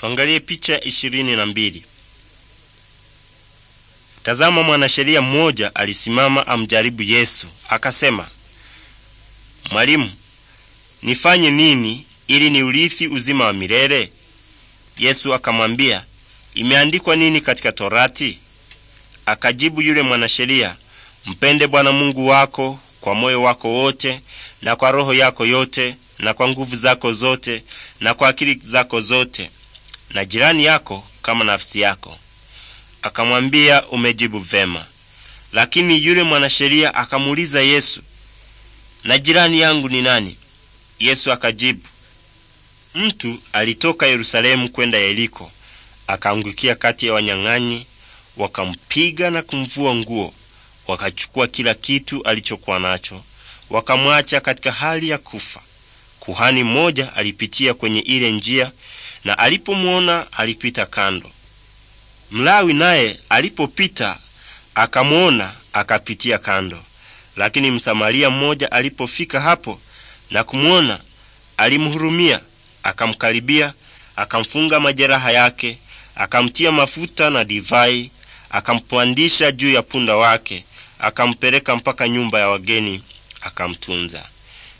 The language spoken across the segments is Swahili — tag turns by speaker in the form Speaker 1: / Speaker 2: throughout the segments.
Speaker 1: Tuangalie picha ishirini na mbili. Tazama, mwanasheria mmoja alisimama amjaribu Yesu akasema, Mwalimu, nifanye nini ili niurithi uzima wa milele? Yesu akamwambia, imeandikwa nini katika Torati? Akajibu yule mwanasheria, mpende Bwana Mungu wako kwa moyo wako wote na kwa roho yako yote na kwa nguvu zako zote na kwa akili zako zote na jirani yako kama nafsi yako. Akamwambia, umejibu vema. Lakini yule mwanasheria akamuuliza Yesu, na jirani yangu ni nani? Yesu akajibu, mtu alitoka Yerusalemu kwenda Yeriko, akaangukia kati ya wanyang'anyi, wakampiga na kumvua nguo, wakachukua kila kitu alichokuwa nacho, wakamwacha katika hali ya kufa. Kuhani mmoja alipitia kwenye ile njia na alipomwona alipita kando. Mlawi naye alipopita akamwona akapitia kando. Lakini Msamaria mmoja alipofika hapo na kumwona, alimhurumia, akamkaribia, akamfunga majeraha yake, akamtia mafuta na divai, akampandisha juu ya punda wake, akampeleka mpaka nyumba ya wageni, akamtunza.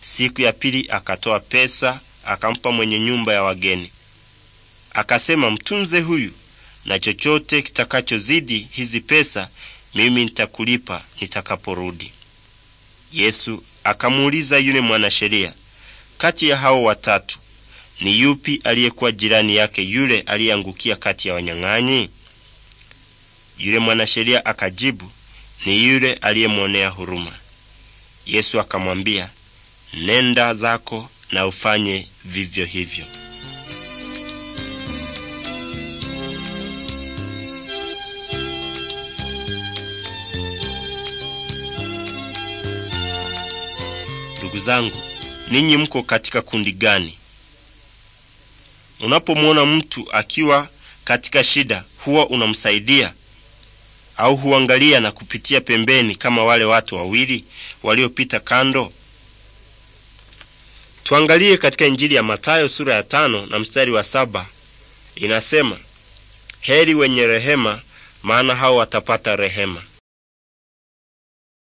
Speaker 1: Siku ya pili akatoa pesa, akampa mwenye nyumba ya wageni akasema, mtunze huyu, na chochote kitakachozidi hizi pesa mimi nitakulipa nitakaporudi. Yesu akamuuliza yule mwanasheria, kati ya hao watatu ni yupi aliyekuwa jirani yake yule aliyeangukia kati ya wanyang'anyi? Yule mwanasheria akajibu, ni yule aliyemwonea huruma. Yesu akamwambia, nenda zako na ufanye vivyo hivyo. ndugu zangu, ninyi mko katika kundi gani? Unapomwona mtu akiwa katika shida, huwa unamsaidia au huangalia na kupitia pembeni kama wale watu wawili waliopita kando? Tuangalie katika Injili ya Mathayo sura ya tano na mstari wa saba. Inasema, heri wenye rehema, maana hao watapata rehema.